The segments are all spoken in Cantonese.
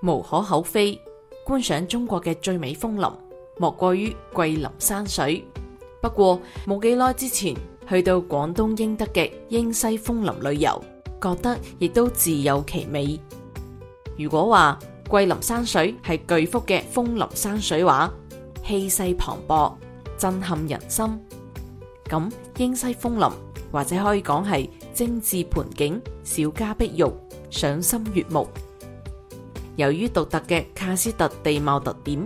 無可厚非，觀賞中國嘅最美峰林，莫過於桂林山水。不過冇幾耐之前去到廣東英德嘅英西峰林旅遊，覺得亦都自有其美。如果話桂林山水係巨幅嘅峰林山水畫，氣勢磅礴，震撼人心，咁英西峰林或者可以講係精致盆景，小家碧玉，賞心悅目。由於獨特嘅喀斯特地貌特點，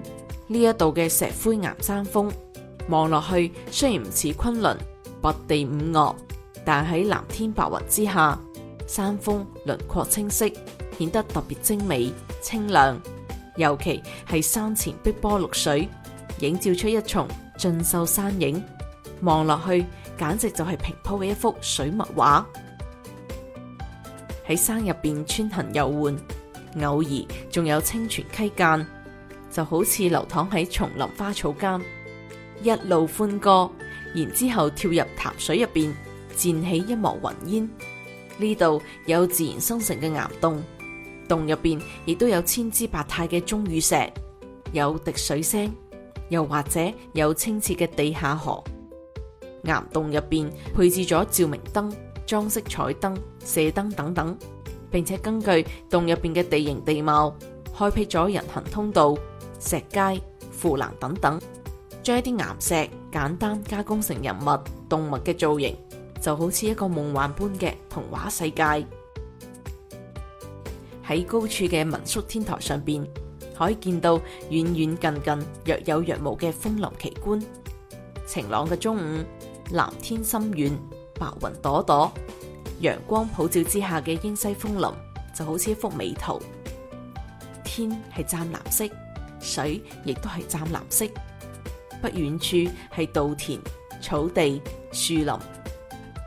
呢一度嘅石灰岩山峰望落去，雖然唔似昆侖、拔地五嶽，但喺藍天白雲之下，山峰輪廓清晰，顯得特別精美、清亮。尤其係山前碧波綠水，映照出一叢俊秀山影，望落去簡直就係平鋪嘅一幅水墨畫。喺山入邊穿行遊玩。偶爾仲有清泉溪澗，就好似流淌喺叢林花草間，一路歡歌，然之後跳入潭水入邊，濺起一幕雲煙。呢度有自然生成嘅岩洞，洞入邊亦都有千姿百態嘅鐘乳石，有滴水聲，又或者有清澈嘅地下河。岩洞入邊配置咗照明燈、裝飾綵燈、射燈等等等。並且根據洞入邊嘅地形地貌，開闢咗人行通道、石階、扶欄等等，將一啲岩石簡單加工成人物、動物嘅造型，就好似一個夢幻般嘅童話世界。喺高處嘅民宿天台上邊，可以見到遠遠近近、若有若無嘅峰林奇觀。晴朗嘅中午，藍天深遠，白雲朵朵。陽光普照之下嘅英西峰林就好似一幅美圖，天係湛藍色，水亦都係湛藍色。不遠處係稻田、草地、樹林。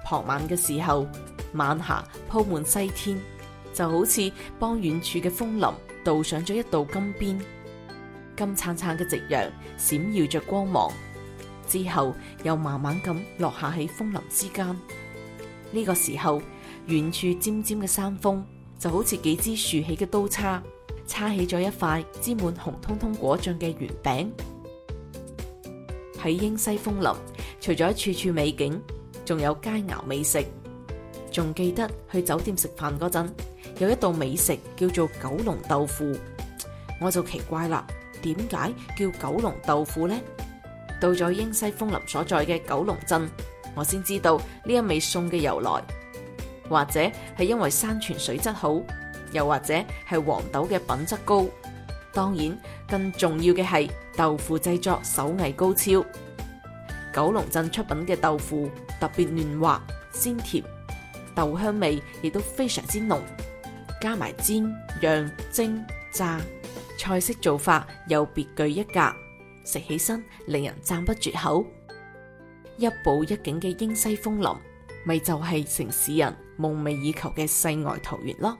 傍晚嘅時候，晚霞鋪滿西天，就好似幫遠處嘅峰林鍍上咗一道金邊。金燦燦嘅夕陽閃耀着光芒，之後又慢慢咁落下喺峰林之間。呢個時候，遠處尖尖嘅山峰就好似幾支豎起嘅刀叉，叉起咗一塊沾滿紅彤彤果醬嘅圓餅。喺英西峰林，除咗處處美景，仲有佳餚美食。仲記得去酒店食飯嗰陣，有一道美食叫做九龍豆腐，我就奇怪啦，點解叫九龍豆腐呢？到咗英西峰林所在嘅九龍鎮。我先知道呢一味餸嘅由來，或者係因為山泉水質好，又或者係黃豆嘅品質高。當然，更重要嘅係豆腐製作手藝高超。九龍鎮出品嘅豆腐特別嫩滑、鮮甜，豆香味亦都非常之濃。加埋煎、釀、蒸、炸，菜式做法又別具一格，食起身令人讚不絕口。一步一景嘅英西峰林，咪就係城市人夢寐以求嘅世外桃源咯。